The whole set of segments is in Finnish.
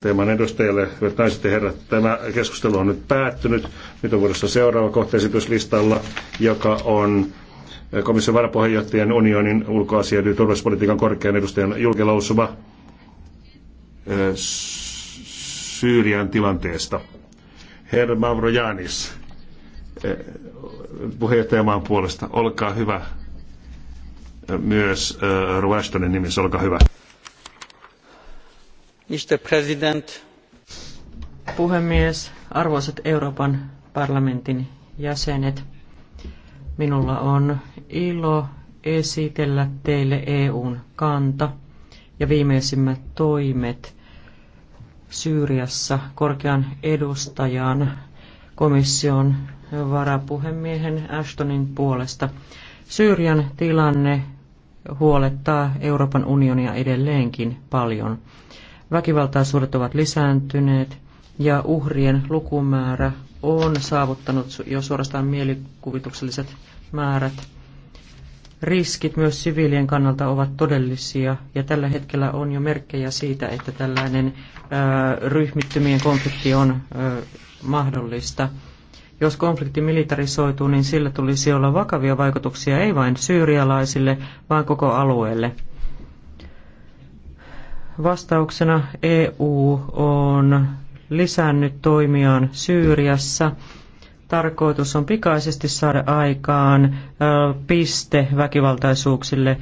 teeman edustajille, hyvät naiset ja herrat, tämä keskustelu on nyt päättynyt. Nyt on vuorossa seuraava kohteesityslistalla, joka on eh, komission varapuheenjohtajan unionin ulkoasia- ja turvallisuuspolitiikan korkean edustajan julkilausuma eh, Syyrian tilanteesta. Herra Mavrojanis, eh, puheenjohtajamaan puolesta, olkaa hyvä. Myös Ruvastonin nimissä, olkaa hyvä. Mr. President. Puhemies, arvoisat Euroopan parlamentin jäsenet, minulla on ilo esitellä teille EUn kanta ja viimeisimmät toimet Syyriassa korkean edustajan komission varapuhemiehen Ashtonin puolesta. Syyrian tilanne huolettaa Euroopan unionia edelleenkin paljon. Väkivaltaisuudet ovat lisääntyneet ja uhrien lukumäärä on saavuttanut jo suorastaan mielikuvitukselliset määrät. Riskit myös siviilien kannalta ovat todellisia ja tällä hetkellä on jo merkkejä siitä, että tällainen ö, ryhmittymien konflikti on ö, mahdollista. Jos konflikti militarisoituu, niin sillä tulisi olla vakavia vaikutuksia ei vain syyrialaisille, vaan koko alueelle. Vastauksena EU on lisännyt toimiaan Syyriassa. Tarkoitus on pikaisesti saada aikaan piste väkivaltaisuuksille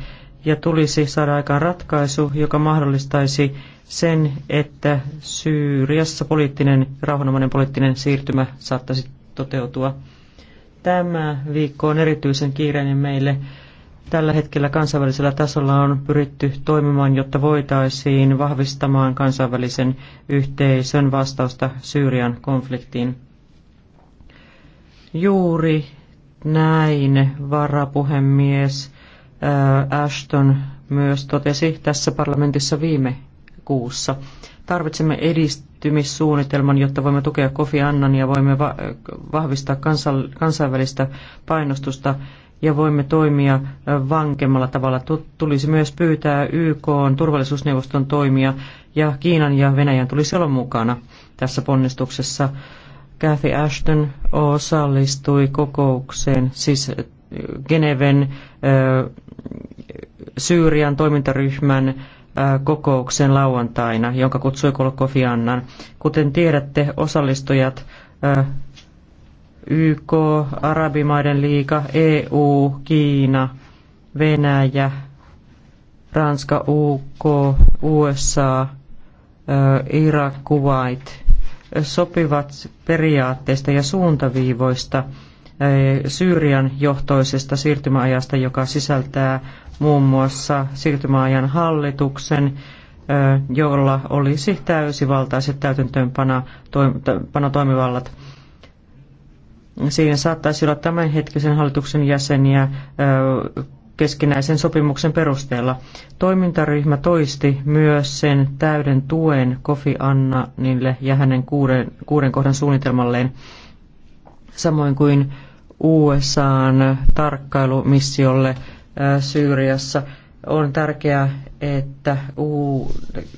ja tulisi saada aikaan ratkaisu, joka mahdollistaisi sen, että Syyriassa poliittinen, rauhanomainen poliittinen siirtymä saattaisi toteutua. Tämä viikko on erityisen kiireinen meille Tällä hetkellä kansainvälisellä tasolla on pyritty toimimaan, jotta voitaisiin vahvistamaan kansainvälisen yhteisön vastausta Syyrian konfliktiin. Juuri näin varapuhemies äh, Ashton myös totesi tässä parlamentissa viime kuussa. Tarvitsemme edistymissuunnitelman, jotta voimme tukea Kofi Annan ja voimme vahvistaa kansainvälistä painostusta ja voimme toimia vankemmalla tavalla. Tulisi myös pyytää YK turvallisuusneuvoston toimia ja Kiinan ja Venäjän tulisi olla mukana tässä ponnistuksessa. Kathy Ashton osallistui kokoukseen, siis Geneven Syyrian toimintaryhmän kokouksen lauantaina, jonka kutsui Kolkofi Kuten tiedätte, osallistujat YK, Arabimaiden liiga, EU, Kiina, Venäjä, Ranska, UK, USA, Irak, Kuwait sopivat periaatteista ja suuntaviivoista Syyrian johtoisesta siirtymäajasta, joka sisältää muun muassa siirtymäajan hallituksen, jolla olisi täysivaltaiset täytäntöönpano toimivallat. Siinä saattaisi olla tämänhetkisen hallituksen jäseniä keskinäisen sopimuksen perusteella. Toimintaryhmä toisti myös sen täyden tuen Kofi Annanille ja hänen kuuden, kuuden kohdan suunnitelmalleen, samoin kuin USAn tarkkailumissiolle Syyriassa. On tärkeää, että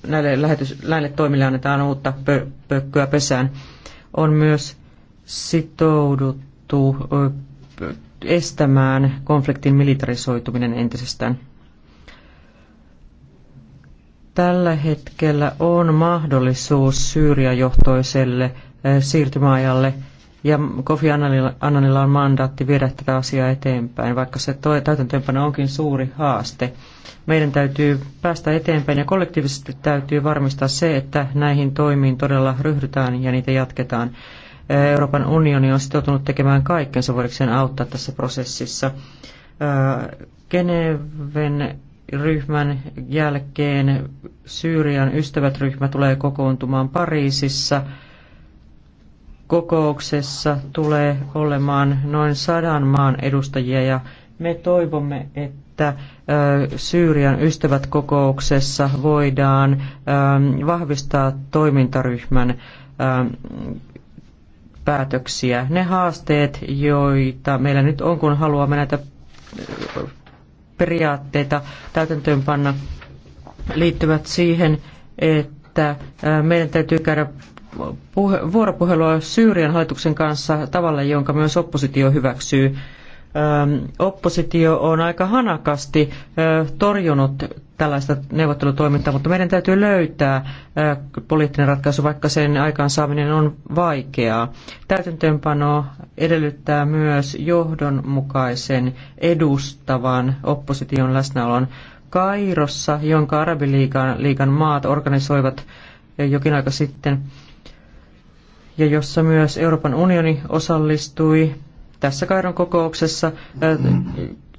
näille, lähetys, näille toimille annetaan uutta pö, pökköä pesään. On myös sitouduttu estämään konfliktin militarisoituminen entisestään. Tällä hetkellä on mahdollisuus Syyria-johtoiselle siirtymäajalle ja Kofi Annanilla on mandaatti viedä tätä asiaa eteenpäin, vaikka se täytäntöönpano onkin suuri haaste. Meidän täytyy päästä eteenpäin ja kollektiivisesti täytyy varmistaa se, että näihin toimiin todella ryhdytään ja niitä jatketaan. Euroopan unioni on sitoutunut tekemään kaikkensa voidakseen auttaa tässä prosessissa. Geneven ryhmän jälkeen Syyrian ystävät-ryhmä tulee kokoontumaan Pariisissa. Kokouksessa tulee olemaan noin sadan maan edustajia ja me toivomme, että Syyrian ystävät kokouksessa voidaan vahvistaa toimintaryhmän päätöksiä. Ne haasteet, joita meillä nyt on, kun haluamme näitä äh, periaatteita täytäntöönpanna, liittyvät siihen, että äh, meidän täytyy käydä vuoropuhelua Syyrian hallituksen kanssa tavalla, jonka myös oppositio hyväksyy. Ähm, oppositio on aika hanakasti äh, torjunut tällaista neuvottelutoimintaa, mutta meidän täytyy löytää poliittinen ratkaisu, vaikka sen aikaansaaminen on vaikeaa. Täytäntöönpano edellyttää myös johdonmukaisen edustavan opposition läsnäolon Kairossa, jonka Arabiliikan liikan maat organisoivat jokin aika sitten, ja jossa myös Euroopan unioni osallistui. Tässä Kairon kokouksessa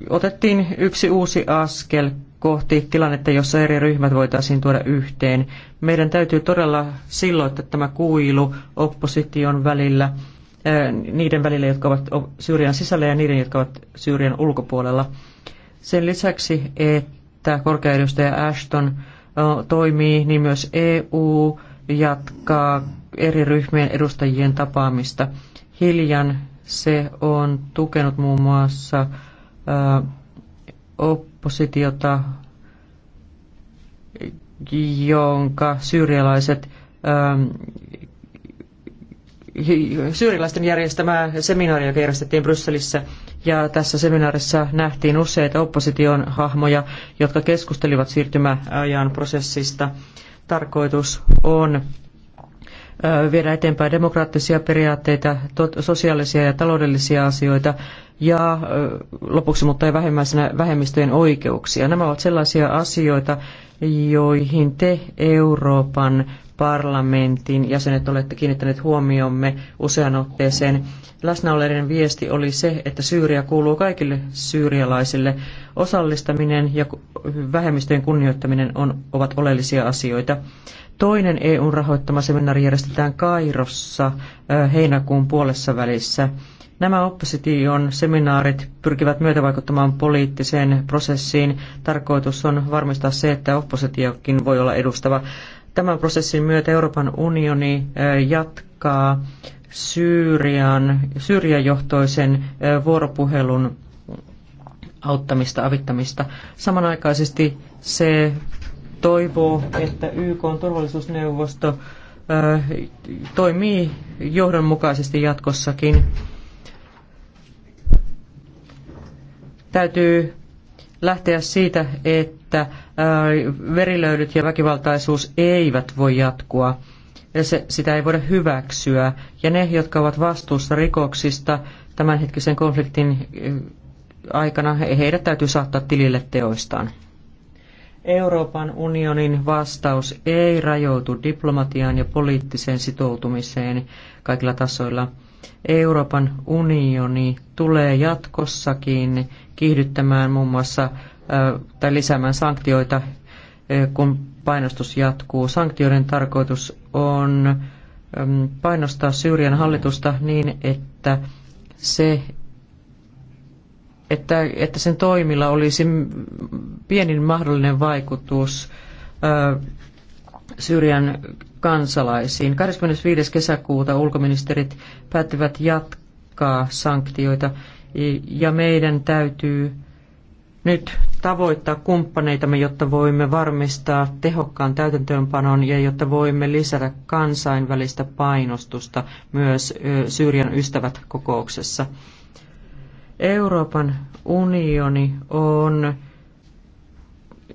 otettiin yksi uusi askel kohti tilannetta, jossa eri ryhmät voitaisiin tuoda yhteen. Meidän täytyy todella silloin, että tämä kuilu opposition välillä, niiden välillä, jotka ovat Syyrian sisällä ja niiden, jotka ovat Syyrian ulkopuolella. Sen lisäksi, että korkeaedustaja Ashton toimii, niin myös EU jatkaa eri ryhmien edustajien tapaamista. Hiljan se on tukenut muun muassa op- oppositiota, jonka syyrialaiset ähm, syyrialaisten järjestämää seminaaria, joka järjestettiin Brysselissä. Ja tässä seminaarissa nähtiin useita opposition hahmoja, jotka keskustelivat siirtymäajan prosessista. Tarkoitus on äh, viedä eteenpäin demokraattisia periaatteita, sosiaalisia ja taloudellisia asioita ja lopuksi, mutta ei vähemmäisenä, vähemmistöjen oikeuksia. Nämä ovat sellaisia asioita, joihin te Euroopan parlamentin jäsenet olette kiinnittäneet huomiomme usean otteeseen. Läsnäoleiden viesti oli se, että Syyria kuuluu kaikille syyrialaisille. Osallistaminen ja vähemmistöjen kunnioittaminen on, ovat oleellisia asioita. Toinen EUn rahoittama seminaari järjestetään Kairossa heinäkuun puolessa välissä. Nämä opposition seminaarit pyrkivät myötävaikuttamaan poliittiseen prosessiin. Tarkoitus on varmistaa se, että oppositiokin voi olla edustava. Tämän prosessin myötä Euroopan unioni jatkaa Syyrian, Syyriajohtoisen vuoropuhelun auttamista, avittamista. Samanaikaisesti se toivoo, että YK on turvallisuusneuvosto toimii johdonmukaisesti jatkossakin. Täytyy lähteä siitä, että äh, verilöydyt ja väkivaltaisuus eivät voi jatkua. Se, sitä ei voida hyväksyä. Ja ne, jotka ovat vastuussa rikoksista tämänhetkisen konfliktin äh, aikana, heidät täytyy saattaa tilille teoistaan. Euroopan unionin vastaus ei rajoitu diplomatiaan ja poliittiseen sitoutumiseen kaikilla tasoilla. Euroopan unioni tulee jatkossakin kiihdyttämään muun muassa tai lisäämään sanktioita, kun painostus jatkuu. Sanktioiden tarkoitus on painostaa Syyrian hallitusta niin, että, se, että, että sen toimilla olisi pienin mahdollinen vaikutus Syyrian kansalaisiin. 25. kesäkuuta ulkoministerit päättivät jatkaa sanktioita ja meidän täytyy nyt tavoittaa kumppaneitamme, jotta voimme varmistaa tehokkaan täytäntöönpanon ja jotta voimme lisätä kansainvälistä painostusta myös Syyrian ystävät kokouksessa. Euroopan unioni on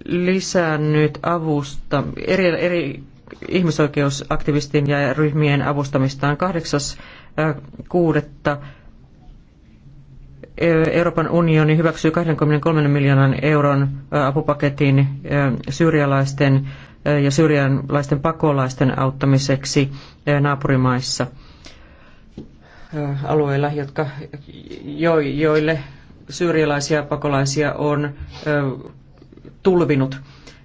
lisännyt avusta eri, eri ihmisoikeusaktivistien ja ryhmien avustamistaan 8.6 Euroopan unioni hyväksyy 23 miljoonan euron apupaketin syyrialaisten ja syyrialaisten pakolaisten auttamiseksi naapurimaissa alueilla, jotka, joille syyrialaisia pakolaisia on tulvinut.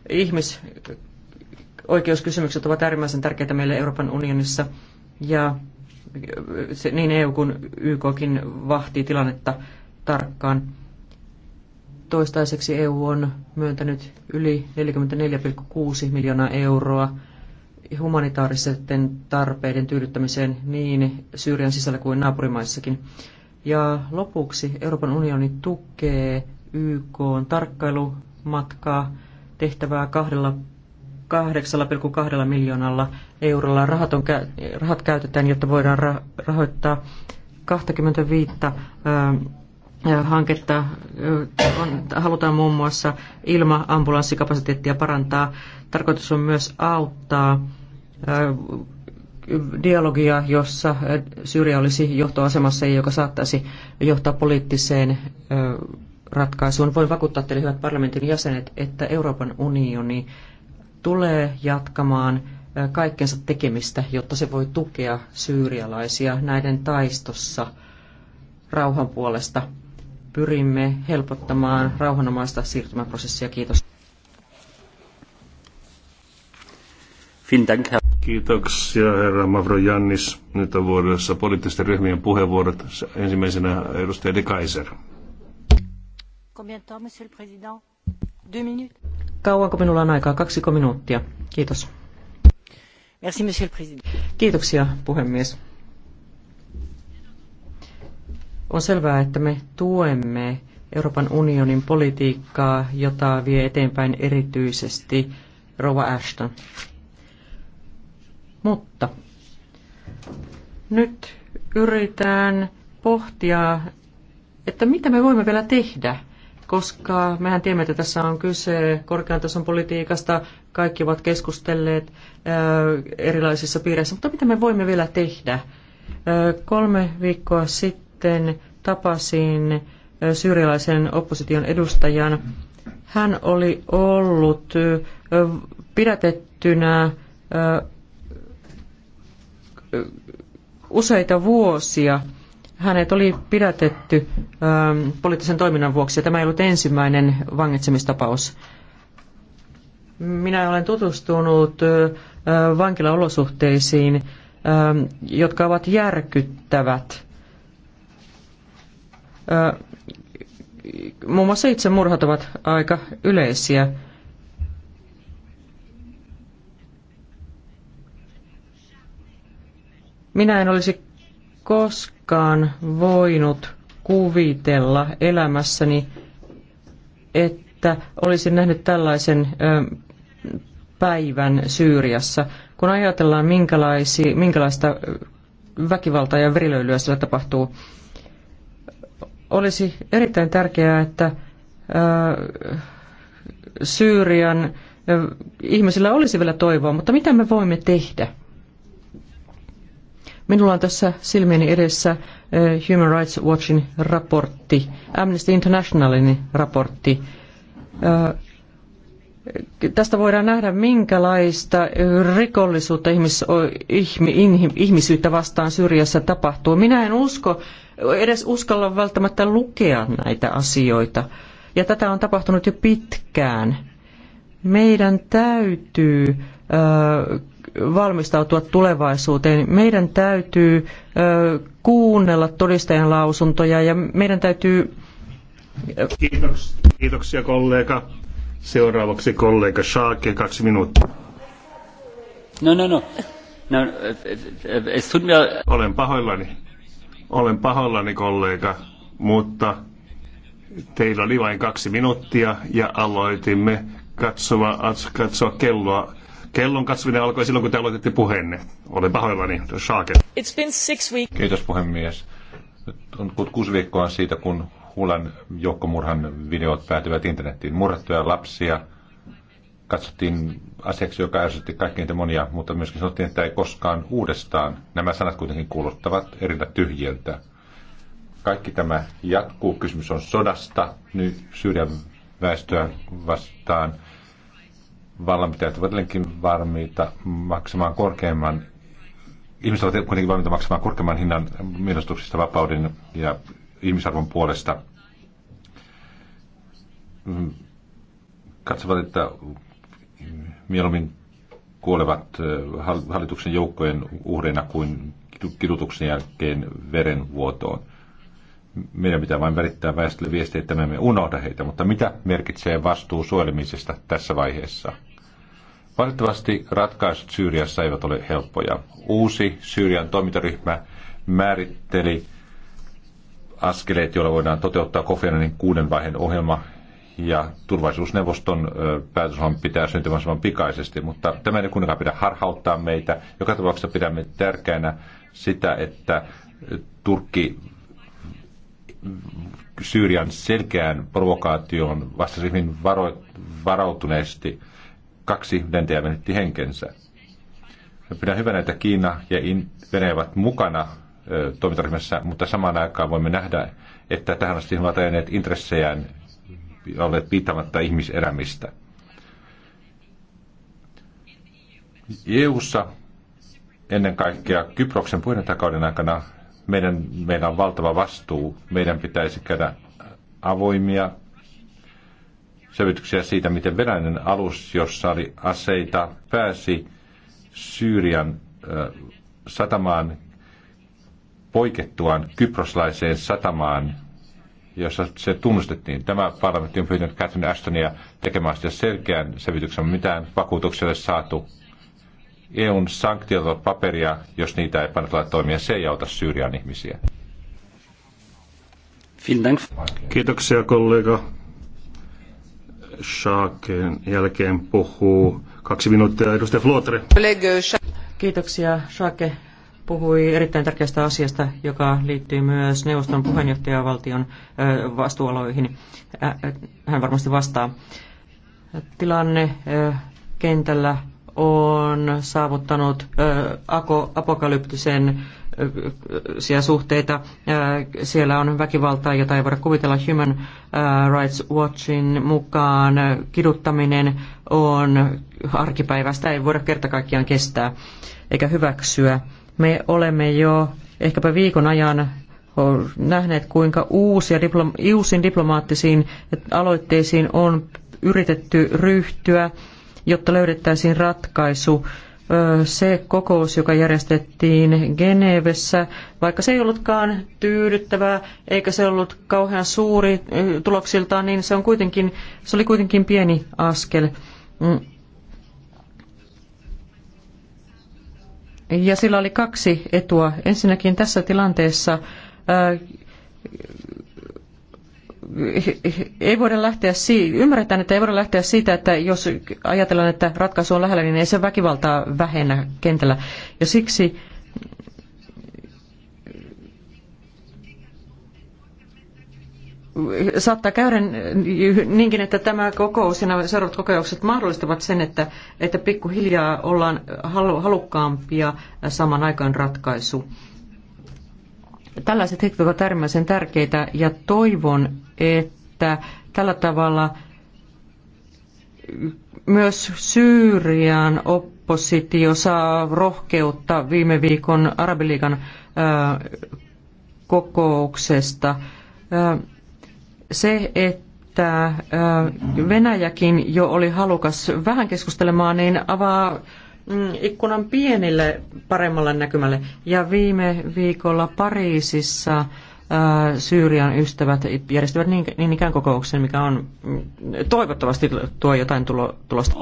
Ihmisoikeuskysymykset ovat äärimmäisen tärkeitä meille Euroopan unionissa ja niin EU kuin YKkin vahtii tilannetta tarkkaan. Toistaiseksi EU on myöntänyt yli 44,6 miljoonaa euroa humanitaaristen tarpeiden tyydyttämiseen niin Syyrian sisällä kuin naapurimaissakin. Ja lopuksi Euroopan unioni tukee YK tarkkailumatkaa tehtävää kahdella 8,2 miljoonalla eurolla. Rahat, on, rahat käytetään, jotta voidaan rahoittaa 25 ää, hanketta on, halutaan muun muassa ilma-ambulanssikapasiteettia parantaa. Tarkoitus on myös auttaa dialogia, jossa Syyria olisi johtoasemassa ja joka saattaisi johtaa poliittiseen ratkaisuun. Voin vakuuttaa teille, hyvät parlamentin jäsenet, että Euroopan unioni tulee jatkamaan kaikkensa tekemistä, jotta se voi tukea syyrialaisia näiden taistossa rauhan puolesta pyrimme helpottamaan rauhanomaista siirtymäprosessia. Kiitos. Kiitoksia herra Mavrojannis. Nyt on vuodessa poliittisten ryhmien puheenvuorot. Ensimmäisenä edustaja De Kaiser. Kauanko minulla on aikaa? Kaksiko minuuttia? Kiitos. Merci, Kiitoksia, puhemies. On selvää, että me tuemme Euroopan unionin politiikkaa, jota vie eteenpäin erityisesti Rova Ashton. Mutta nyt yritetään pohtia, että mitä me voimme vielä tehdä, koska mehän tiedämme, että tässä on kyse korkean tason politiikasta, kaikki ovat keskustelleet äh, erilaisissa piireissä, mutta mitä me voimme vielä tehdä? Äh, kolme viikkoa sitten sitten tapasin syyrialaisen opposition edustajan. Hän oli ollut pidätettynä useita vuosia. Hänet oli pidätetty poliittisen toiminnan vuoksi ja tämä ei ollut ensimmäinen vangitsemistapaus. Minä olen tutustunut vankilaolosuhteisiin, jotka ovat järkyttävät – Muun muassa itsemurhat ovat aika yleisiä. Minä en olisi koskaan voinut kuvitella elämässäni, että olisin nähnyt tällaisen päivän Syyriassa. Kun ajatellaan, minkälaista väkivaltaa ja verilöilyä siellä tapahtuu, olisi erittäin tärkeää, että Syyrian ihmisillä olisi vielä toivoa, mutta mitä me voimme tehdä? Minulla on tässä silmieni edessä Human Rights Watchin raportti, Amnesty Internationalin raportti. Tästä voidaan nähdä, minkälaista rikollisuutta ihmis, ihmisyyttä vastaan syrjässä tapahtuu. Minä en usko, edes uskalla välttämättä lukea näitä asioita. Ja tätä on tapahtunut jo pitkään. Meidän täytyy valmistautua tulevaisuuteen. Meidän täytyy kuunnella todistajan lausuntoja ja meidän täytyy... kiitoksia kollega. Seuraavaksi kollega Schaake, kaksi minuuttia. No, no, no. no es tut mir... Olen pahoillani. Olen pahoillani, kollega, mutta teillä oli vain kaksi minuuttia ja aloitimme katsoa, katsoa kelloa. Kellon katsominen alkoi silloin, kun te aloititte puheenne. Olen pahoillani, Schaake. It's been six weeks. Kiitos puhemies. Nyt on kuusi viikkoa siitä, kun Hulan joukkomurhan videot päätyvät internettiin. Murrettuja lapsia katsottiin asiaksi, joka ärsytti kaikkein monia, mutta myöskin sanottiin, että ei koskaan uudestaan. Nämä sanat kuitenkin kuuluttavat erillä tyhjiltä. Kaikki tämä jatkuu. Kysymys on sodasta nyt syrjän väestöä vastaan. Vallanpitäjät ovat edelleenkin valmiita maksamaan korkeimman ihmiset ovat kuitenkin valmiita maksamaan korkeamman hinnan mielestuksista vapauden ja ihmisarvon puolesta mm. katsovat, että mieluummin kuolevat hallituksen joukkojen uhreina kuin kidutuksen jälkeen verenvuotoon. Meidän pitää vain välittää väestölle viestiä, että me emme unohda heitä, mutta mitä merkitsee vastuu suojelemisesta tässä vaiheessa? Valitettavasti ratkaisut Syyriassa eivät ole helppoja. Uusi Syyrian toimintaryhmä määritteli askeleet, joilla voidaan toteuttaa Kofianin kuuden vaiheen ohjelma ja turvallisuusneuvoston päätöshän pitää syntymään pikaisesti, mutta tämä ei kuitenkaan pidä harhauttaa meitä. Joka tapauksessa pidämme tärkeänä sitä, että Turkki Syyrian selkeään provokaatioon vastasi hyvin varo, varautuneesti. Kaksi lentäjää menetti henkensä. Pidän hyvänä, että Kiina ja Venäjä ovat mukana toimintaryhmässä, mutta samaan aikaan voimme nähdä, että tähän asti he ovat ajaneet intressejään olleet piittamatta ihmiselämistä. EU-ssa ennen kaikkea Kyproksen puheenjohtajakauden aikana meidän, meillä on valtava vastuu. Meidän pitäisi käydä avoimia selvityksiä siitä, miten venäläinen alus, jossa oli aseita, pääsi Syyrian satamaan poikettuaan kyproslaiseen satamaan, jossa se tunnustettiin. Tämä parlamentti on pyytänyt Catherine Ashtonia tekemään sitä selkeän selvityksen, mitään vakuutukselle saatu. EUn sanktiot ovat paperia, jos niitä ei panetella toimia, se ei auta Syyrian ihmisiä. Kiitoksia kollega. Schaaken jälkeen puhuu kaksi minuuttia edustaja Flotre. Kiitoksia Shaake puhui erittäin tärkeästä asiasta, joka liittyy myös neuvoston puheenjohtajavaltion vastuualoihin. Hän varmasti vastaa. Tilanne kentällä on saavuttanut apokalyptisen suhteita. Siellä on väkivaltaa, jota ei voida kuvitella. Human Rights Watchin mukaan kiduttaminen on arkipäivästä ei voida kertakaikkiaan kestää eikä hyväksyä. Me olemme jo ehkäpä viikon ajan nähneet, kuinka uusia diploma- uusiin diplomaattisiin aloitteisiin on yritetty ryhtyä, jotta löydettäisiin ratkaisu. Se kokous, joka järjestettiin Genevessä, vaikka se ei ollutkaan tyydyttävää eikä se ollut kauhean suuri tuloksiltaan, niin se, on kuitenkin, se oli kuitenkin pieni askel mm. Ja sillä oli kaksi etua. Ensinnäkin tässä tilanteessa äh, ei voida lähteä siitä, ymmärretään, että ei voida lähteä siitä, että jos ajatellaan, että ratkaisu on lähellä, niin ei se väkivaltaa vähennä kentällä. Ja siksi saattaa käydä niinkin, että tämä kokous ja seuraavat kokoukset mahdollistavat sen, että, että pikkuhiljaa ollaan halukkaampia saman aikaan ratkaisu. Tällaiset hetket ovat äärimmäisen tärkeitä ja toivon, että tällä tavalla myös Syyrian oppositio saa rohkeutta viime viikon Arabiliikan kokouksesta se, että äh, Venäjäkin jo oli halukas vähän keskustelemaan, niin avaa mm, ikkunan pienille paremmalle näkymälle. Ja viime viikolla Pariisissa äh, Syyrian ystävät järjestivät niin, niin ikään kokouksen, mikä on mm, toivottavasti tuo jotain tulo, tulosta.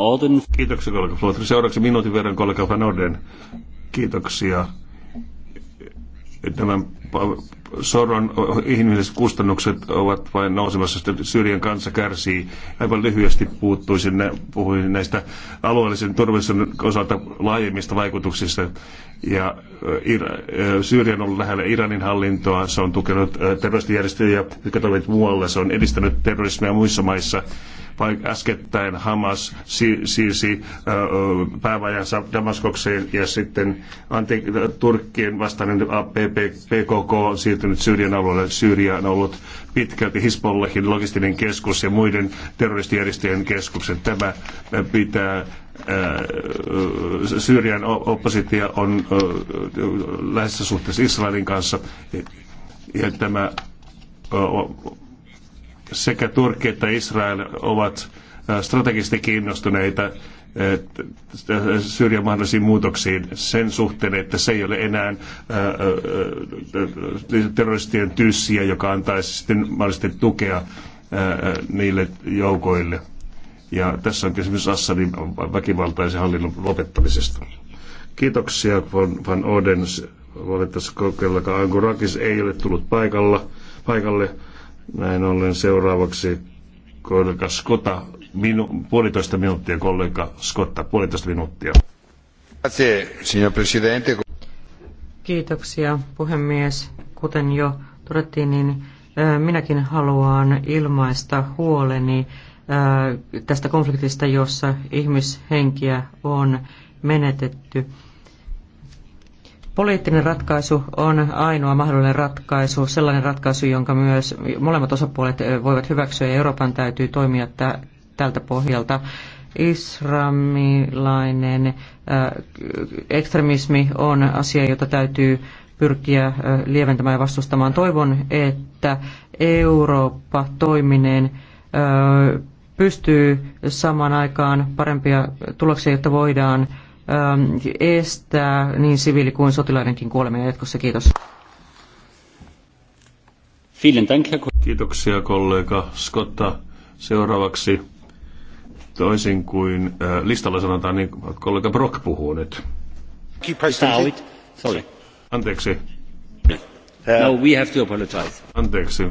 Kiitoksia kollega Flotri. Seuraavaksi minuutin verran kollega Van Orden. Kiitoksia tämän soron inhimilliset kustannukset ovat vain nousemassa, Syyrian kansa kärsii. Aivan lyhyesti puuttuisin, puhuin näistä alueellisen turvallisuuden osalta laajemmista vaikutuksista. Ja Syyrian on ollut lähellä Iranin hallintoa, se on tukenut terroristijärjestöjä, jotka toimivat muualla, se on edistänyt terrorismia muissa maissa. Äskettäin Hamas siirsi päävajansa Damaskokseen ja sitten ante, Turkkien vastainen PKK on siirtynyt Syyrian alueelle. Syyria on ollut pitkälti Hisbollahin logistinen keskus ja muiden terroristijärjestöjen keskuksen. Tämä pitää Syyrian oppositio on läheisessä suhteessa Israelin kanssa ja tämä sekä Turkki että Israel ovat äh, strategisesti kiinnostuneita äh, Syyrian mahdollisiin muutoksiin sen suhteen, että se ei ole enää äh, terroristien tyyssiä, joka antaisi sitten mahdollisesti tukea niille joukoille. Ja tässä on kysymys Assadin väkivaltaisen hallinnon lopettamisesta. Kiitoksia Van, van Odens. Valitettavasti kokeillakaan Angurakis ei ole tullut paikalla, paikalle näin ollen seuraavaksi kollega Skota, minu, puolitoista minuuttia, kollega Skotta, puolitoista minuuttia. Kiitoksia, puhemies. Kuten jo todettiin, niin minäkin haluan ilmaista huoleni tästä konfliktista, jossa ihmishenkiä on menetetty. Poliittinen ratkaisu on ainoa mahdollinen ratkaisu, sellainen ratkaisu, jonka myös molemmat osapuolet voivat hyväksyä ja Euroopan täytyy toimia tältä pohjalta. Islamilainen ekstremismi on asia, jota täytyy pyrkiä lieventämään ja vastustamaan. Toivon, että Eurooppa toimineen pystyy samaan aikaan parempia tuloksia, jotta voidaan Ähm, estää niin siviili- kuin sotilaidenkin kuolemia jatkossa. Kiitos. Kiitoksia kollega Scotta. Seuraavaksi toisin kuin äh, listalla sanotaan, niin kollega Brock puhuu nyt. Anteeksi. No, we have to apologize. Anteeksi.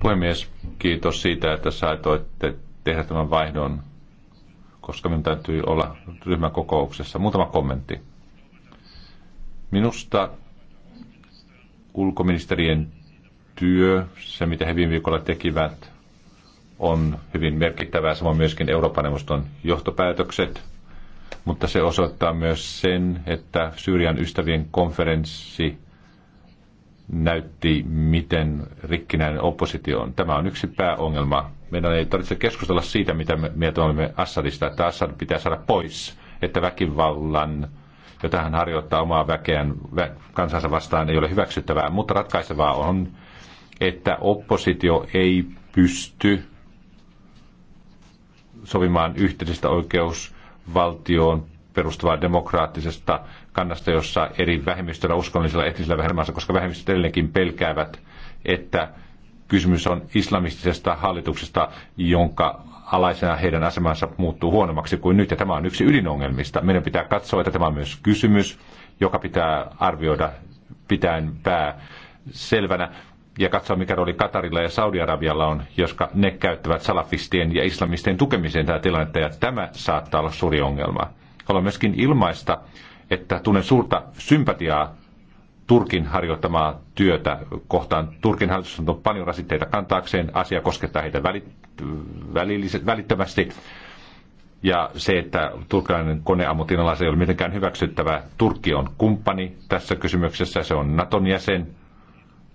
Puhemies, kiitos siitä, että saitoitte tehdä tämän vaihdon koska minun täytyy olla ryhmäkokouksessa. Muutama kommentti. Minusta ulkoministerien työ, se mitä he viime viikolla tekivät, on hyvin merkittävää, samoin myöskin Euroopan neuvoston johtopäätökset. Mutta se osoittaa myös sen, että Syyrian ystävien konferenssi näytti, miten rikkinäinen oppositio on. Tämä on yksi pääongelma. Meidän ei tarvitse keskustella siitä, mitä me mieltä olemme Assadista, että Assad pitää saada pois, että väkivallan, jota hän harjoittaa omaa väkeään kansansa vastaan, ei ole hyväksyttävää. Mutta ratkaisevaa on, että oppositio ei pysty sovimaan yhteisestä oikeusvaltioon perustuvaa demokraattisesta kannasta, jossa eri vähemmistöillä, uskonnollisilla, etnisillä vähemmistöillä, koska vähemmistöt edelleenkin pelkäävät, että kysymys on islamistisesta hallituksesta, jonka alaisena heidän asemansa muuttuu huonommaksi kuin nyt, ja tämä on yksi ydinongelmista. Meidän pitää katsoa, että tämä on myös kysymys, joka pitää arvioida pitäen pää selvänä, ja katsoa, mikä rooli Katarilla ja Saudi-Arabialla on, joska ne käyttävät salafistien ja islamistien tukemiseen tätä tilannetta, ja tämä saattaa olla suuri ongelma. Haluan myöskin ilmaista että tunnen suurta sympatiaa Turkin harjoittamaa työtä kohtaan. Turkin hallitus on paljon rasitteita kantaakseen, asia koskettaa heitä välit, välilliset, välittömästi. Ja se, että turkilainen koneammutinalaisen ei ole mitenkään hyväksyttävää. Turkki on kumppani tässä kysymyksessä, se on Naton jäsen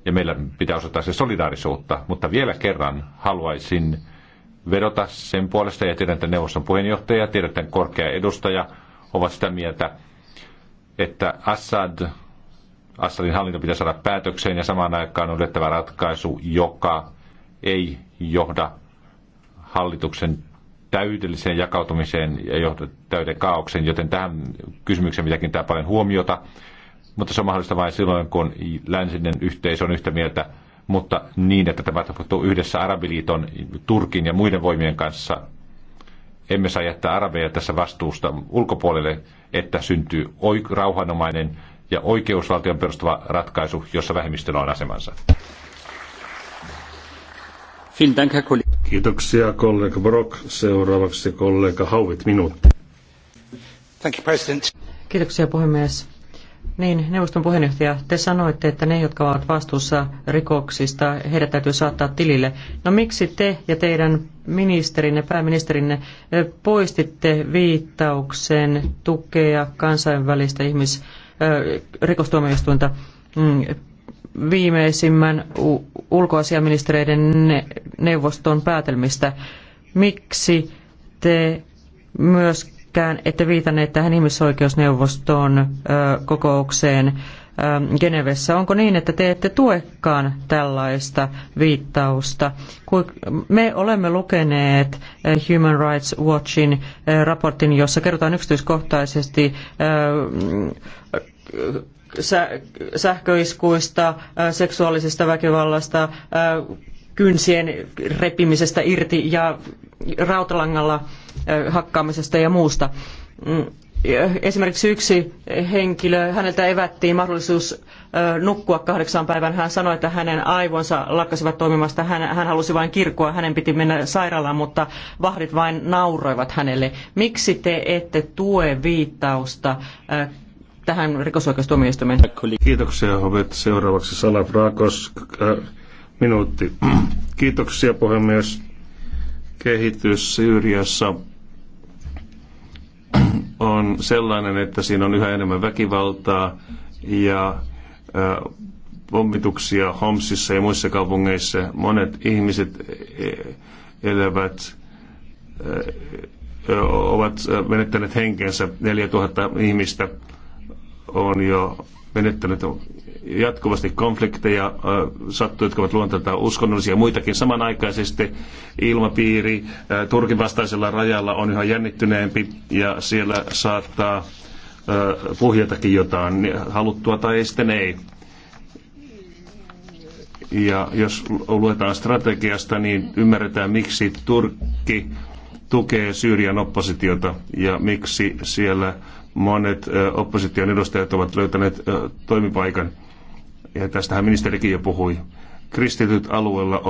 ja meillä pitää osoittaa se solidaarisuutta. Mutta vielä kerran haluaisin vedota sen puolesta ja tiedän, että neuvoston puheenjohtaja ja tiedän, että korkea edustaja ovat sitä mieltä, että Assad, Assadin hallinto pitää saada päätökseen ja samaan aikaan on löydettävä ratkaisu, joka ei johda hallituksen täydelliseen jakautumiseen ja johda täyden kaaukseen, joten tähän kysymykseen pitääkin tämä paljon huomiota. Mutta se on mahdollista vain silloin, kun länsinen yhteisö on yhtä mieltä mutta niin, että tämä tapahtuu yhdessä Arabiliiton, Turkin ja muiden voimien kanssa emme saa jättää arabeja tässä vastuusta ulkopuolelle, että syntyy rauhanomainen ja oikeusvaltion perustuva ratkaisu, jossa vähemmistöllä on asemansa. Kiitoksia kollega Brock. Seuraavaksi kollega Hauvit minuutti. Thank you, President. Kiitoksia puhemies. Niin, neuvoston puheenjohtaja, te sanoitte, että ne, jotka ovat vastuussa rikoksista, heidät täytyy saattaa tilille. No miksi te ja teidän ministerinne, pääministerinne, poistitte viittauksen tukea kansainvälistä ihmis, rikostuomioistuinta mm, viimeisimmän ulkoasiaministereiden neuvoston päätelmistä? Miksi te myös pitkään, että viitanneet tähän ihmisoikeusneuvoston kokoukseen Genevessä. Onko niin, että te ette tuekaan tällaista viittausta? Me olemme lukeneet Human Rights Watchin raportin, jossa kerrotaan yksityiskohtaisesti sähköiskuista, seksuaalisesta väkivallasta, kynsien repimisestä irti ja rautalangalla hakkaamisesta ja muusta. Mm, esimerkiksi yksi henkilö, häneltä evättiin mahdollisuus nukkua kahdeksan päivän. Hän sanoi, että hänen aivonsa lakkasivat toimimasta. Hän, hän halusi vain kirkua, hänen piti mennä sairaalaan, mutta vahdit vain nauroivat hänelle. Miksi te ette tue viittausta tähän rikosoikeustuomioistuimeen? Kiitoksia, Hovet. Seuraavaksi Salafrakos, Minuutti. Kiitoksia puhemies. Kehitys Syyriassa on sellainen, että siinä on yhä enemmän väkivaltaa ja pommituksia Homsissa ja muissa kaupungeissa. Monet ihmiset e, elävät, ovat menettäneet henkensä. 4000 ihmistä on jo menettänyt jatkuvasti konflikteja sattuu, jotka ovat luonteeltaan uskonnollisia ja muitakin. Samanaikaisesti ilmapiiri Turkin vastaisella rajalla on yhä jännittyneempi ja siellä saattaa puhjetakin jotain, haluttua tai sitten ei. Ja jos luetaan strategiasta, niin ymmärretään, miksi Turkki tukee Syyrian oppositiota ja miksi siellä monet opposition edustajat ovat löytäneet toimipaikan ja tästähän ministerikin jo puhui, kristityt alueella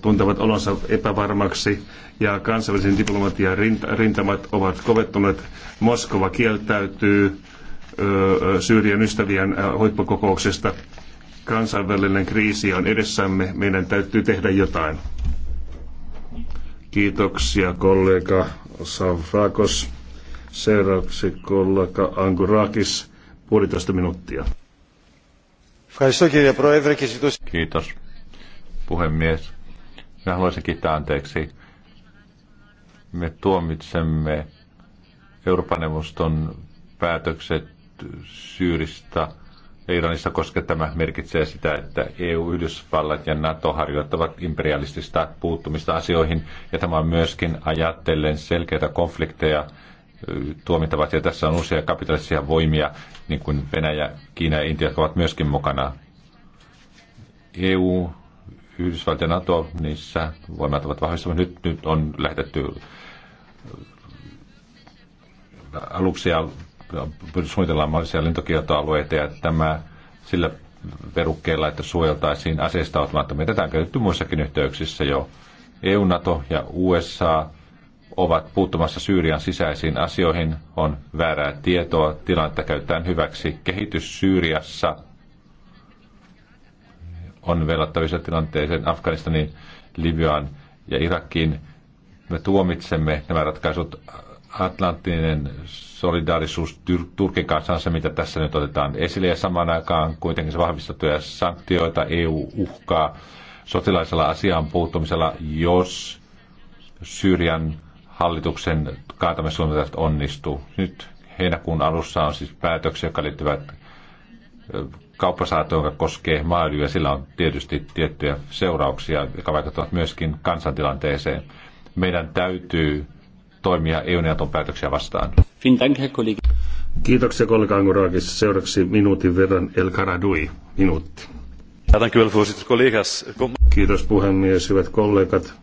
tuntevat olonsa epävarmaksi ja kansainvälisen diplomatian rintamat ovat kovettuneet. Moskova kieltäytyy Syyrian ystävien huippukokouksesta. Kansainvälinen kriisi on edessämme. Meidän täytyy tehdä jotain. Kiitoksia kollega Savrakos. Seuraavaksi kollega Angurakis, puolitoista minuuttia. Kiitos, puhemies. Minä haluaisin kiittää anteeksi. Me tuomitsemme Euroopan neuvoston päätökset Syyristä ja Iranista, koska tämä merkitsee sitä, että EU, Yhdysvallat ja NATO harjoittavat imperialistista puuttumista asioihin. Ja tämä on myöskin ajatellen selkeitä konflikteja tuomittavat. Ja tässä on usea kapitalistisia voimia, niin kuin Venäjä, Kiina ja Intia, jotka ovat myöskin mukana. EU, Yhdysvalt ja NATO, niissä voimat ovat vahvistuneet. Nyt, nyt on lähetetty aluksia, suunnitellaan mahdollisia lentokieltoalueita ja tämä sillä verukkeella, että suojeltaisiin aseistautumattomia. Tätä on käytetty muissakin yhteyksissä jo. EU, NATO ja USA ovat puuttumassa Syyrian sisäisiin asioihin, on väärää tietoa, tilannetta käytetään hyväksi. Kehitys Syyriassa on verrattavissa tilanteeseen Afganistanin, Libyaan ja Irakiin. Me tuomitsemme nämä ratkaisut atlanttinen solidaarisuus Turkin kanssa on se, mitä tässä nyt otetaan esille. Ja samaan aikaan kuitenkin se vahvistettuja sanktioita EU uhkaa sotilaisella asiaan puuttumisella, jos Syyrian hallituksen kaatamissuunnitelmat onnistu. Nyt heinäkuun alussa on siis päätöksiä, jotka liittyvät kauppasaatoon, joka koskee maailmaa, ja Sillä on tietysti tiettyjä seurauksia, jotka vaikuttavat myöskin kansantilanteeseen. Meidän täytyy toimia EU-neuvoston päätöksiä vastaan. Kiitoksia kollega Anguragis. Seuraavaksi minuutin verran El Karadui. Minuutti. Kiitos puhemies, hyvät kollegat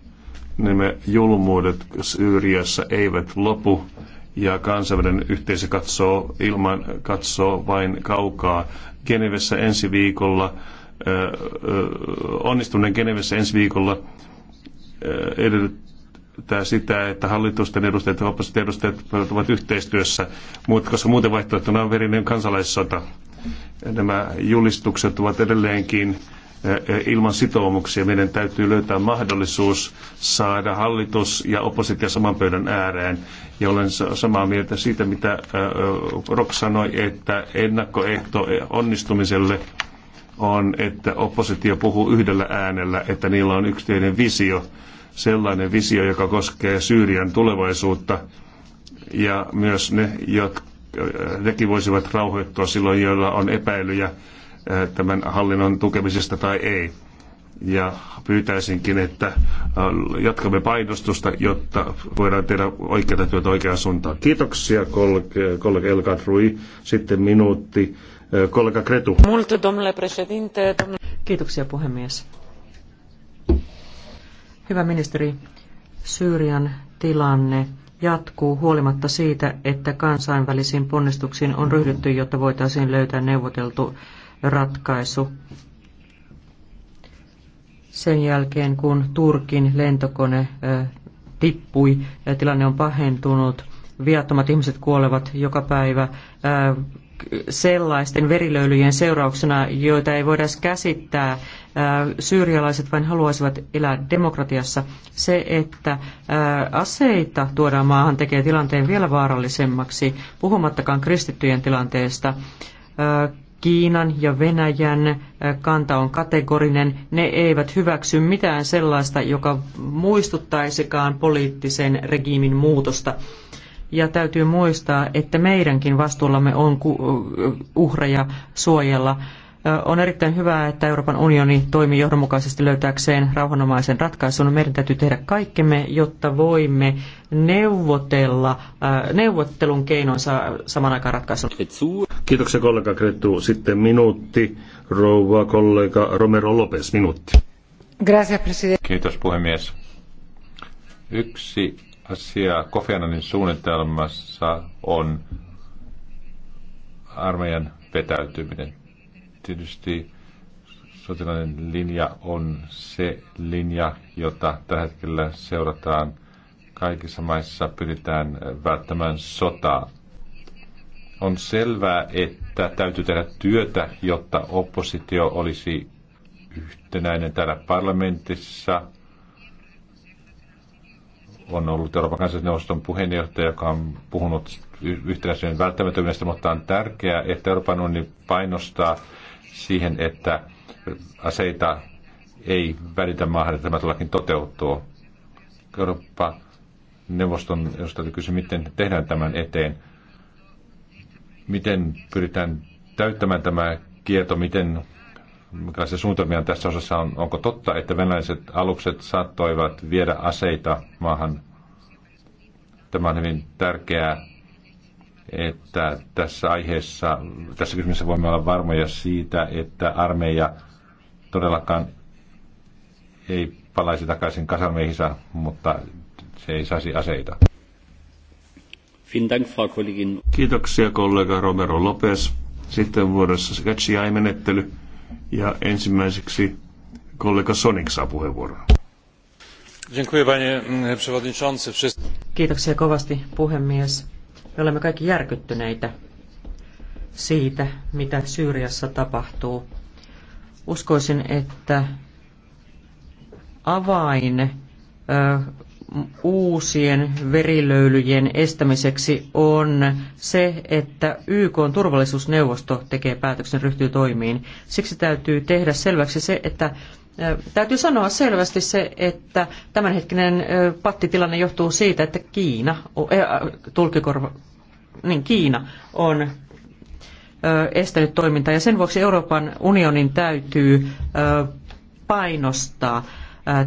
nämä julmuudet Syyriassa eivät lopu ja kansainvälinen yhteisö katsoo ilman, katsoo vain kaukaa. Genevessä ensi viikolla, onnistuneen Genevessä ensi viikolla edellyttää sitä, että hallitusten edustajat ja oppositioiden edustajat ovat yhteistyössä, mutta koska muuten vaihtoehtona on verinen kansalaissota. Nämä julistukset ovat edelleenkin ilman sitoumuksia. Meidän täytyy löytää mahdollisuus saada hallitus ja oppositio saman pöydän ääreen. Ja olen samaa mieltä siitä, mitä Rock sanoi, että ennakkoehto onnistumiselle on, että oppositio puhuu yhdellä äänellä, että niillä on yksityinen visio, sellainen visio, joka koskee Syyrian tulevaisuutta ja myös ne, jotka nekin voisivat rauhoittua silloin, joilla on epäilyjä tämän hallinnon tukemisesta tai ei. Ja pyytäisinkin, että jatkamme painostusta, jotta voidaan tehdä oikeita työtä oikeaan suuntaan. Kiitoksia kollega Elkan Rui. Sitten minuutti. Kollega Kretu. Kiitoksia puhemies. Hyvä ministeri, Syyrian tilanne jatkuu huolimatta siitä, että kansainvälisiin ponnistuksiin on ryhdytty, jotta voitaisiin löytää neuvoteltu ratkaisu sen jälkeen, kun Turkin lentokone tippui, tilanne on pahentunut, viattomat ihmiset kuolevat joka päivä sellaisten verilöylyjen seurauksena, joita ei voida käsittää. Syyrialaiset vain haluaisivat elää demokratiassa. Se, että aseita tuodaan maahan, tekee tilanteen vielä vaarallisemmaksi, puhumattakaan kristittyjen tilanteesta Kiinan ja Venäjän äh, kanta on kategorinen. Ne eivät hyväksy mitään sellaista, joka muistuttaisikaan poliittisen regiimin muutosta. Ja täytyy muistaa, että meidänkin vastuullamme on äh, uhreja suojella. On erittäin hyvä, että Euroopan unioni toimii johdonmukaisesti löytääkseen rauhanomaisen ratkaisun. Meidän täytyy tehdä kaikkemme, jotta voimme neuvotella, neuvottelun keinoin saman aikaan ratkaisun. Kiitoksia kollega Kretu. Sitten minuutti. Rouva kollega Romero Lopes, minuutti. Kiitos puhemies. Yksi asia Kofiananin suunnitelmassa on armeijan vetäytyminen Tietysti sotilainen linja on se linja, jota tällä hetkellä seurataan kaikissa maissa, pyritään välttämään sotaa. On selvää, että täytyy tehdä työtä, jotta oppositio olisi yhtenäinen täällä parlamentissa. On ollut Euroopan kansallisneuvoston puheenjohtaja, joka on puhunut yhtenäisyyden välttämättömyydestä, mutta on tärkeää, että Euroopan unioni painostaa siihen, että aseita ei välitä maahan, että tämä todellakin toteutuu. Eurooppa neuvoston edustajat kysyi, miten tehdään tämän eteen, miten pyritään täyttämään tämä kieto, miten se suunnitelmia tässä osassa on. Onko totta, että venäläiset alukset saattoivat viedä aseita maahan? Tämä on hyvin tärkeää että tässä aiheessa, tässä kysymyksessä voimme olla varmoja siitä, että armeija todellakaan ei palaisi takaisin kasarmeihinsa, mutta se ei saisi aseita. Kiitoksia kollega Romero Lopez. Sitten vuorossa sekä gi menettely ja ensimmäiseksi kollega Sonic saa puheenvuoron. Kiitoksia kovasti puhemies me olemme kaikki järkyttyneitä siitä, mitä Syyriassa tapahtuu. Uskoisin, että avain ö, uusien verilöylyjen estämiseksi on se, että YK on turvallisuusneuvosto tekee päätöksen ryhtyä toimiin. Siksi täytyy tehdä selväksi se, että Täytyy sanoa selvästi se, että tämänhetkinen pattitilanne johtuu siitä, että Kiina, tulkikorva, niin Kiina on estänyt toimintaa ja sen vuoksi Euroopan unionin täytyy painostaa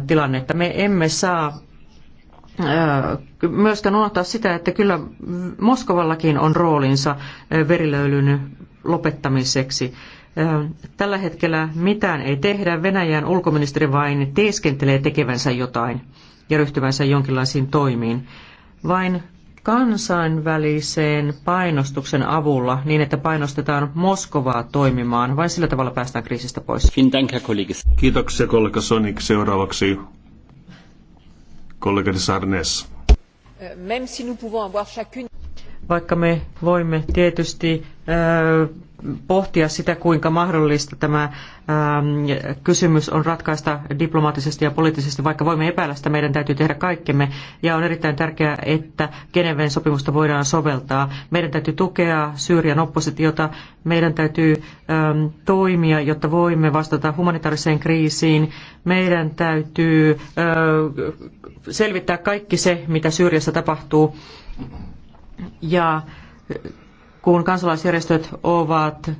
tilannetta. Me emme saa myöskään unohtaa sitä, että kyllä Moskovallakin on roolinsa verilöylyn lopettamiseksi. Tällä hetkellä mitään ei tehdä. Venäjän ulkoministeri vain teeskentelee tekevänsä jotain ja ryhtyvänsä jonkinlaisiin toimiin. Vain kansainväliseen painostuksen avulla niin, että painostetaan Moskovaa toimimaan. Vain sillä tavalla päästään kriisistä pois. Kiitoksia kollega Sonik. Seuraavaksi kollega Sarnes. Même si nous pouvons avoir chacune vaikka me voimme tietysti pohtia sitä, kuinka mahdollista tämä kysymys on ratkaista diplomaattisesti ja poliittisesti, vaikka voimme epäillä sitä, meidän täytyy tehdä kaikkemme. Ja on erittäin tärkeää, että Geneven sopimusta voidaan soveltaa. Meidän täytyy tukea Syyrian oppositiota, meidän täytyy toimia, jotta voimme vastata humanitaariseen kriisiin. Meidän täytyy selvittää kaikki se, mitä Syyriassa tapahtuu ja äh, kun kansalaisjärjestöt ovat, äh,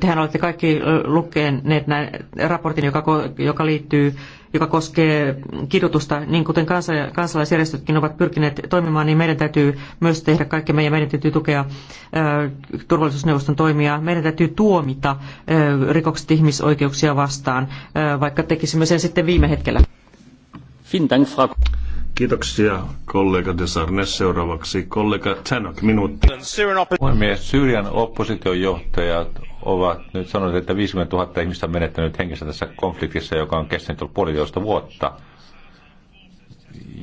tehän olette kaikki äh, lukeneet näin, raportin, joka, joka liittyy, joka koskee kidutusta, niin kuten kansalaisjärjestötkin ovat pyrkineet toimimaan, niin meidän täytyy myös tehdä kaikkemme ja meidän täytyy tukea turvallisuusneuvoston toimia. Meidän täytyy tuomita rikokset ihmisoikeuksia vastaan, vaikka tekisimme sen sitten viime hetkellä. Vielen Kiitoksia kollega Desarne. Seuraavaksi kollega Tanok, minuutti. Puhemies, Syyrian oppositiojohtajat ovat nyt sanoneet, että 50 000 ihmistä on menettänyt henkensä tässä konfliktissa, joka on kestänyt puolitoista vuotta.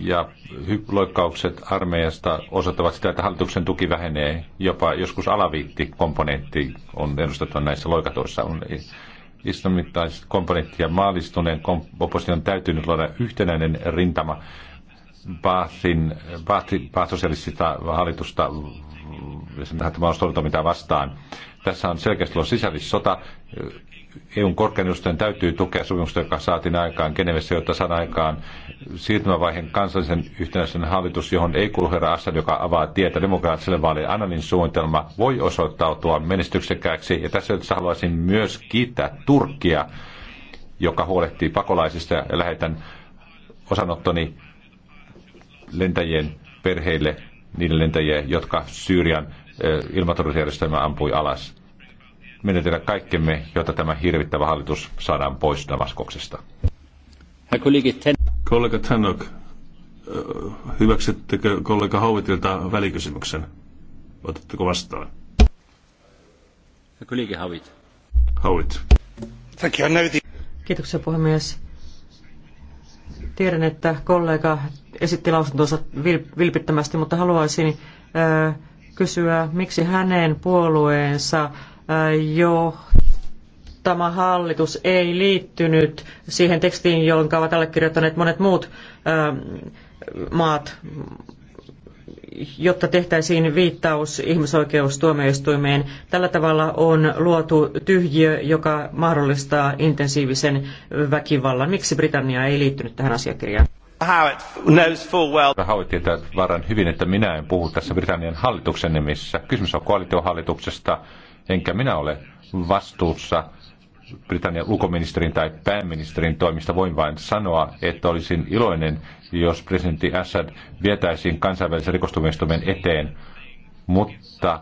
Ja loikkaukset armeijasta osoittavat sitä, että hallituksen tuki vähenee. Jopa joskus alaviitti komponentti on ennustettu näissä loikatoissa. On islamittaiset komponentti ja maalistuneen opposition täytyy nyt luoda yhtenäinen rintama Baathin, Baath-sosialistista hallitusta ja sen tähän on mitä vastaan. Tässä on selkeästi ollut sisällissota. EUn korkean täytyy tukea sopimusta, joka saatiin aikaan Genevessä, jotta saadaan aikaan siirtymävaiheen kansallisen yhtenäisen hallitus, johon ei kuulu herra Assad, joka avaa tietä demokraattiselle vaalille. Annanin suunnitelma voi osoittautua menestyksekkääksi. Ja tässä haluaisin myös kiittää Turkkia, joka huolehtii pakolaisista ja lähetän osanottoni lentäjien perheille, niille lentäjille, jotka Syyrian ilmatorjuntajärjestelmä ampui alas. Meidän tehdä kaikkemme, jotta tämä hirvittävä hallitus saadaan pois Damaskoksesta. Kollega Tanok, hyväksyttekö kollega Hauvitilta välikysymyksen? Otatteko vastaan? Kollega Hauvit. Hauvit. Kiitoksia puhemies. Tiedän, että kollega esitti lausuntonsa vilpittömästi, mutta haluaisin kysyä, miksi hänen puolueensa johtama hallitus ei liittynyt siihen tekstiin, jonka ovat allekirjoittaneet monet muut maat jotta tehtäisiin viittaus ihmisoikeustuomioistuimeen. Tällä tavalla on luotu tyhjiö, joka mahdollistaa intensiivisen väkivallan. Miksi Britannia ei liittynyt tähän asiakirjaan? Howard knows full well. Howard tietää varan hyvin, että minä en puhu tässä Britannian hallituksen nimissä. Kysymys on koalitiohallituksesta, enkä minä ole vastuussa Britannian ulkoministerin tai pääministerin toimista. Voin vain sanoa, että olisin iloinen, jos presidentti Assad vietäisiin kansainvälisen rikostumistumien eteen, mutta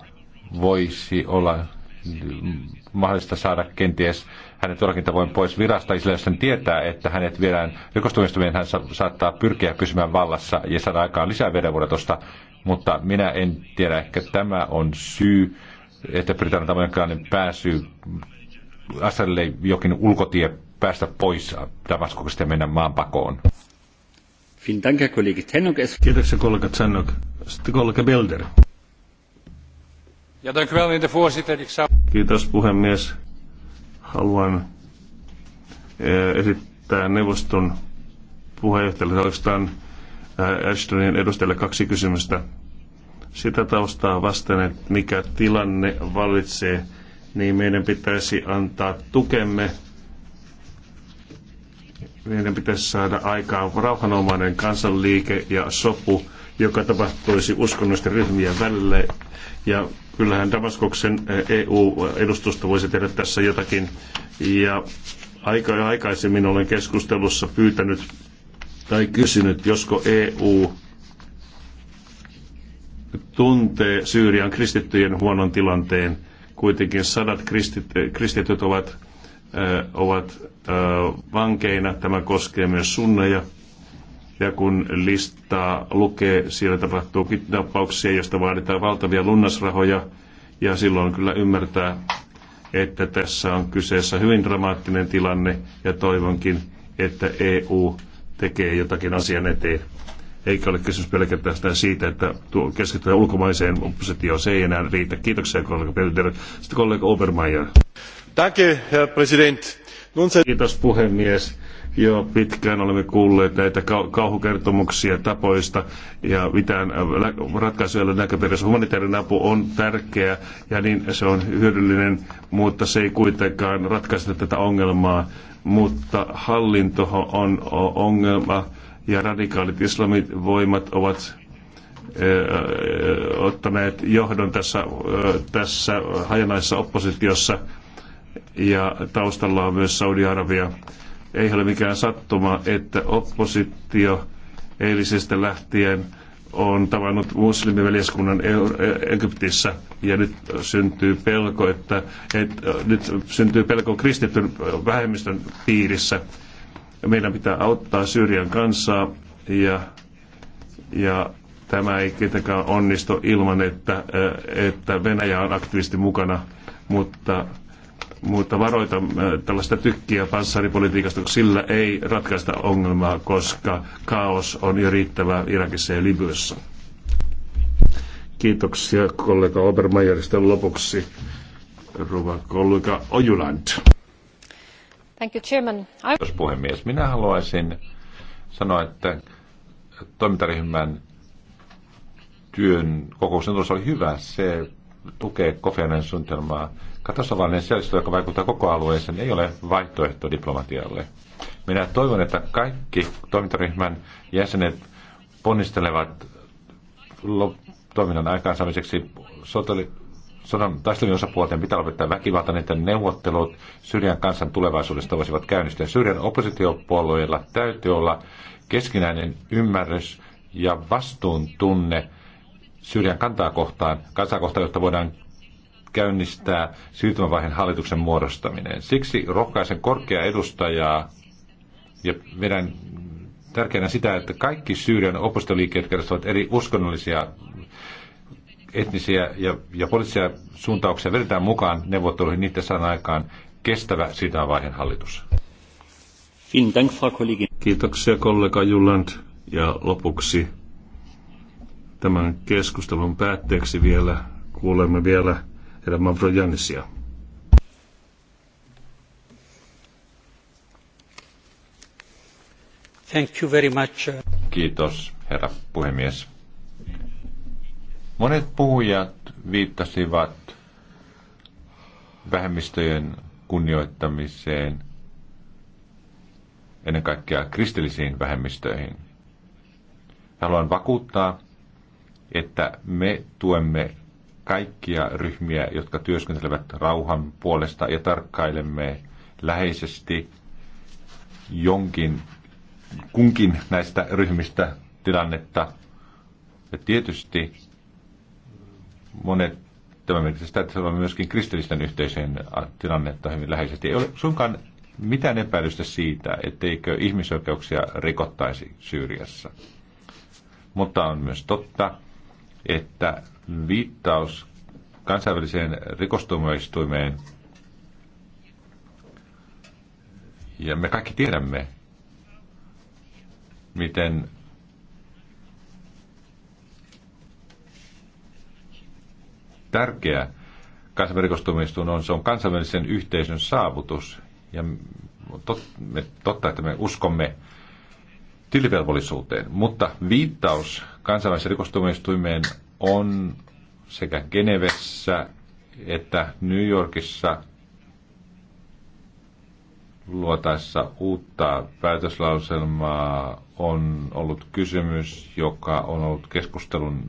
voisi olla mahdollista saada kenties hänet todellakin tavoin pois virasta, sillä jos hän tietää, että hänet viedään rikostumistumien, hän sa- saattaa pyrkiä pysymään vallassa ja saada aikaan lisää vedenvuodatosta, mutta minä en tiedä, ehkä tämä on syy, että Britannian tavoinkaan pääsy Assadille jokin ulkotie päästä pois Damaskosta ja mennä maanpakoon. Kiitoksia kollega Tsenok. Sitten kollega Belder. Kiitos puhemies. Haluan eh, esittää neuvoston puheenjohtajalle oikeastaan eh, Ashtonin edustajalle kaksi kysymystä. Sitä taustaa vasten, että mikä tilanne valitsee niin meidän pitäisi antaa tukemme. Meidän pitäisi saada aikaan rauhanomainen kansanliike ja sopu, joka tapahtuisi uskonnollisten ryhmien välille. Ja kyllähän Damaskoksen EU-edustusta eh, e voisi tehdä tässä jotakin. Ja aika, aikaisemmin olen keskustelussa pyytänyt tai kysynyt, josko EU tuntee Syyrian kristittyjen huonon tilanteen – Kuitenkin sadat kristit, kristityt ovat, ö, ovat ö, vankeina. Tämä koskee myös sunneja. Ja kun listaa lukee, siellä tapahtuu kidnappauksia, joista vaaditaan valtavia lunnasrahoja. Ja silloin kyllä ymmärtää, että tässä on kyseessä hyvin dramaattinen tilanne ja toivonkin, että EU tekee jotakin asian eteen. Eikä ole kysymys pelkästään siitä, että keskittyä ulkomaiseen oppositioon. Se ei enää riitä. Kiitoksia kollega Pelder. Sitten kollega Obermeier. Danke, Herr Präsident. Kiitos puhemies. Joo, pitkään olemme kuulleet näitä kauhukertomuksia tapoista ja mitään äh, ratkaisuja ei ole näköpiirissä. Humanitaarinen apu on tärkeä ja niin se on hyödyllinen, mutta se ei kuitenkaan ratkaista tätä ongelmaa. Mutta hallinto on ongelma ja radikaalit islamit voimat ovat eh, eh, ottaneet johdon tässä, eh, tässä hajanaisessa oppositiossa ja taustalla on myös Saudi-Arabia. Ei ole mikään sattuma, että oppositio eilisestä lähtien on tavannut muslimiveljeskunnan Egyptissä ja nyt syntyy pelko, että, että nyt syntyy pelko kristityn vähemmistön piirissä meidän pitää auttaa Syyrian kansaa ja, ja tämä ei ketenkään onnistu ilman, että, äh, että Venäjä on aktiivisesti mukana, mutta mutta varoita tällaista tykkiä panssaripolitiikasta, koska sillä ei ratkaista ongelmaa, koska kaos on jo riittävä Irakissa ja Libyassa. Kiitoksia kollega Obermeierista lopuksi. Ruva kollega Ojuland. Arvoisa puhemies. Minä haluaisin sanoa, että toimintaryhmän työn kokouksen tulos oli hyvä. Se tukee kofeinen suunnitelmaa. Katastrofaalinen sellaista, joka vaikuttaa koko alueeseen, ei ole vaihtoehto diplomatialle. Minä toivon, että kaikki toimintaryhmän jäsenet ponnistelevat toiminnan aikaansaamiseksi sodan taistelujen osapuolten pitää lopettaa väkivalta, että neuvottelut Syyrian kansan tulevaisuudesta voisivat käynnistyä. Syyrian oppositiopuolueilla täytyy olla keskinäinen ymmärrys ja vastuuntunne tunne Syyrian kantaa kohtaan, kansaa kohtaan, jotta voidaan käynnistää siirtymävaiheen hallituksen muodostaminen. Siksi rohkaisen korkea edustajaa ja vedän tärkeänä sitä, että kaikki Syyrian oppositioliikkeet edustavat eri uskonnollisia etnisiä ja, ja poliittisia suuntauksia vedetään mukaan neuvotteluihin, niitä saadaan aikaan kestävä sitä vaiheen hallitus. Kiitoksia kollega Julland. Ja lopuksi tämän keskustelun päätteeksi vielä kuulemme vielä herra Mavrojanisia. Thank you very much. Uh, Kiitos, herra puhemies. Monet puhujat viittasivat vähemmistöjen kunnioittamiseen, ennen kaikkea kristillisiin vähemmistöihin. Haluan vakuuttaa, että me tuemme kaikkia ryhmiä, jotka työskentelevät rauhan puolesta ja tarkkailemme läheisesti jonkin kunkin näistä ryhmistä tilannetta. Ja tietysti monet tämä merkitsee sitä, että on myöskin kristillisten yhteisöjen tilannetta hyvin läheisesti. Ei ole suinkaan mitään epäilystä siitä, etteikö ihmisoikeuksia rikottaisi Syyriassa. Mutta on myös totta, että viittaus kansainväliseen rikostuomioistuimeen, ja me kaikki tiedämme, miten tärkeä kansainvälinen on, se on kansainvälisen yhteisön saavutus. Ja tot, me, totta, että me uskomme tilivelvollisuuteen, mutta viittaus kansainvälisen rikostuomioistuimeen on sekä Genevessä että New Yorkissa luotaessa uutta päätöslauselmaa on ollut kysymys, joka on ollut keskustelun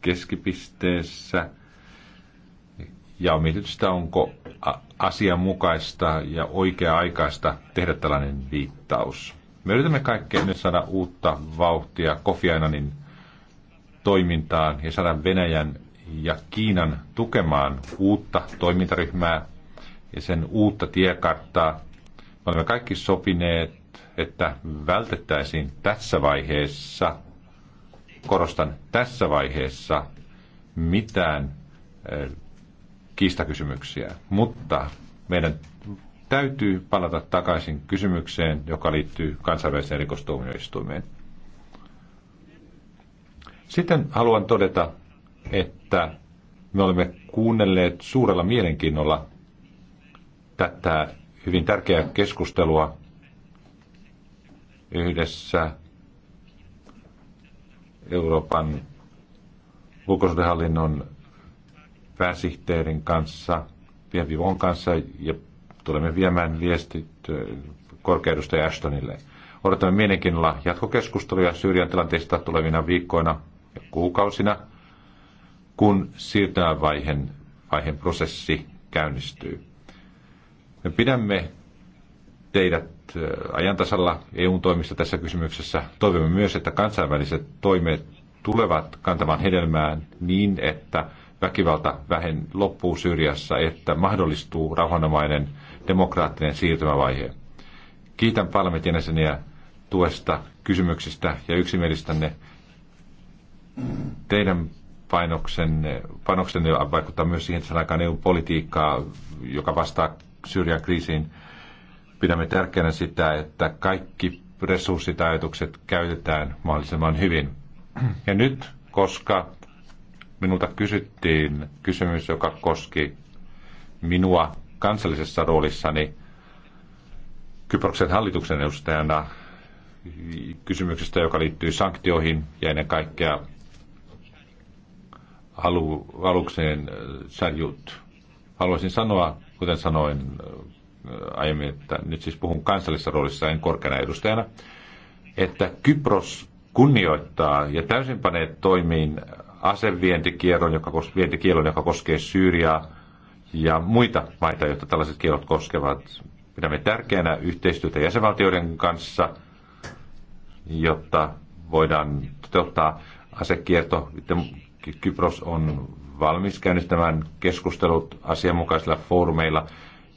keskipisteessä ja on mietitty sitä, onko asianmukaista ja oikea-aikaista tehdä tällainen viittaus. Me yritämme kaikkea nyt saada uutta vauhtia Kofi Annanin toimintaan ja saada Venäjän ja Kiinan tukemaan uutta toimintaryhmää ja sen uutta tiekarttaa. Me olemme kaikki sopineet, että vältettäisiin tässä vaiheessa – Korostan tässä vaiheessa mitään kiistakysymyksiä, mutta meidän täytyy palata takaisin kysymykseen, joka liittyy kansainväliseen rikostuomioistuimeen. Sitten haluan todeta, että me olemme kuunnelleet suurella mielenkiinnolla tätä hyvin tärkeää keskustelua yhdessä Euroopan ulkosuhdehallinnon pääsihteerin kanssa, Vivon kanssa ja tulemme viemään viestit korkeudustaja Ashtonille. Odotamme mielenkiinnolla jatkokeskusteluja Syyrian tilanteesta tulevina viikkoina ja kuukausina, kun vaiheen, vaiheen prosessi käynnistyy. Me pidämme teidät ajantasalla EUn toimista tässä kysymyksessä. Toivomme myös, että kansainväliset toimet tulevat kantamaan hedelmään niin, että väkivalta vähen loppuu Syyriassa, että mahdollistuu rauhanomainen demokraattinen siirtymävaihe. Kiitän parlamentin jäseniä tuesta, kysymyksistä ja yksimielistänne. Teidän painoksenne, panoksenne vaikuttaa myös siihen, että aikaan EU-politiikkaa, joka vastaa Syyrian kriisiin pidämme tärkeänä sitä, että kaikki resurssitajoitukset käytetään mahdollisimman hyvin. Ja nyt, koska minulta kysyttiin kysymys, joka koski minua kansallisessa roolissani Kyproksen hallituksen edustajana kysymyksestä, joka liittyy sanktioihin ja ennen kaikkea alu, alukseen äh, sarjut. Haluaisin sanoa, kuten sanoin aiemmin, että nyt siis puhun kansallisessa roolissa, en korkeana edustajana, että Kypros kunnioittaa ja täysin panee toimiin asevientikielon, joka, vientikielon, joka koskee Syyriaa ja muita maita, joita tällaiset kielot koskevat. Pidämme tärkeänä yhteistyötä jäsenvaltioiden kanssa, jotta voidaan toteuttaa asekierto. Kypros on valmis käynnistämään keskustelut asianmukaisilla foorumeilla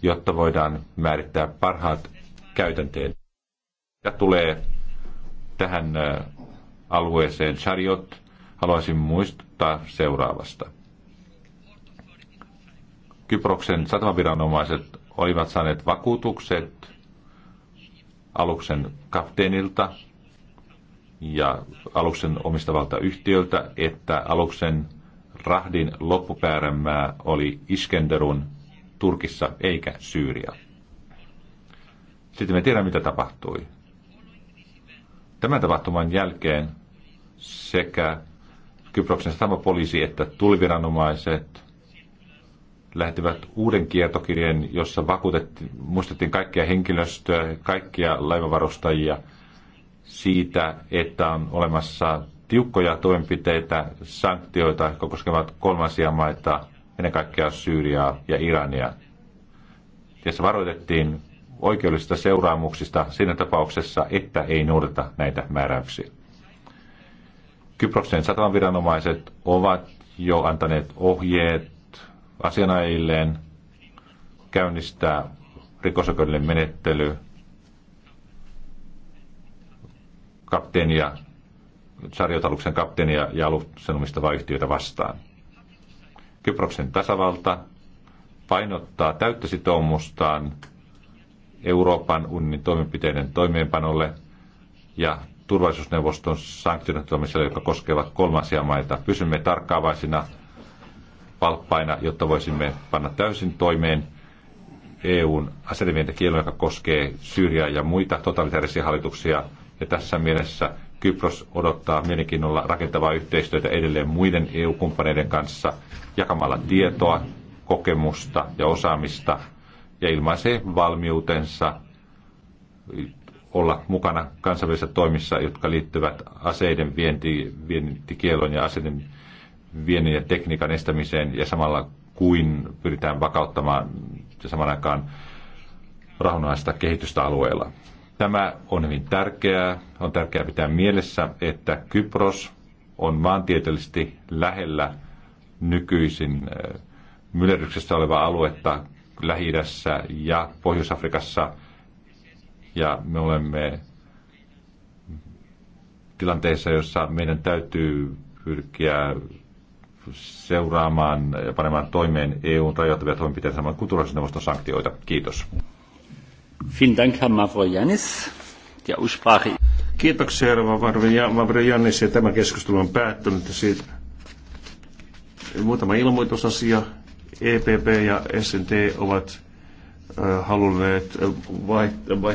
jotta voidaan määrittää parhaat käytänteet. Ja tulee tähän alueeseen Chariot. Haluaisin muistuttaa seuraavasta. Kyproksen satamaviranomaiset olivat saaneet vakuutukset aluksen kapteenilta ja aluksen omistavalta yhtiöltä, että aluksen rahdin loppupäärämää oli Iskenderun Turkissa eikä Syyria. Sitten me tiedämme, mitä tapahtui. Tämän tapahtuman jälkeen sekä Kyproksen poliisi että tuliviranomaiset lähtivät uuden kiertokirjeen, jossa vakuutettiin, muistettiin kaikkia henkilöstöä, kaikkia laivavarustajia siitä, että on olemassa tiukkoja toimenpiteitä, sanktioita, jotka koskevat kolmansia maita, ennen kaikkea Syyriaa ja Irania. Tässä varoitettiin oikeudellisista seuraamuksista siinä tapauksessa, että ei noudata näitä määräyksiä. Kyproksen sataman viranomaiset ovat jo antaneet ohjeet asianajilleen käynnistää rikosoikeudellinen menettely kapteenia, sarjotaluksen kapteenia ja aluksen omistavaa yhtiötä vastaan. Kyproksen tasavalta painottaa täyttä sitoumustaan Euroopan unionin toimenpiteiden toimeenpanolle ja turvallisuusneuvoston sanktioimiselle, jotka koskevat kolmansia maita. Pysymme tarkkaavaisina valppaina, jotta voisimme panna täysin toimeen EUn asevientikielon, joka koskee Syyriaa ja muita totalitaarisia hallituksia. Ja tässä mielessä Kypros odottaa mielenkiinnolla rakentavaa yhteistyötä edelleen muiden EU-kumppaneiden kanssa jakamalla tietoa, kokemusta ja osaamista ja ilmaisee valmiutensa olla mukana kansainvälisissä toimissa, jotka liittyvät aseiden vienti, vientikielon ja aseiden viennin ja tekniikan estämiseen ja samalla kuin pyritään vakauttamaan ja saman aikaan kehitystä alueella. Tämä on hyvin tärkeää. On tärkeää pitää mielessä, että Kypros on maantieteellisesti lähellä nykyisin äh, myllerryksessä olevaa aluetta lähi ja Pohjois-Afrikassa. Ja me olemme tilanteessa, jossa meidän täytyy pyrkiä seuraamaan ja panemaan toimeen EUn rajoittavia toimenpiteitä saman kuin neuvoston sanktioita. Kiitos. Kiitoksia, herra Mavrojanis, ja tämä keskustelu on päättynyt. Siitä muutama ilmoitusasia. EPP ja SNT ovat halunneet vaihtaa.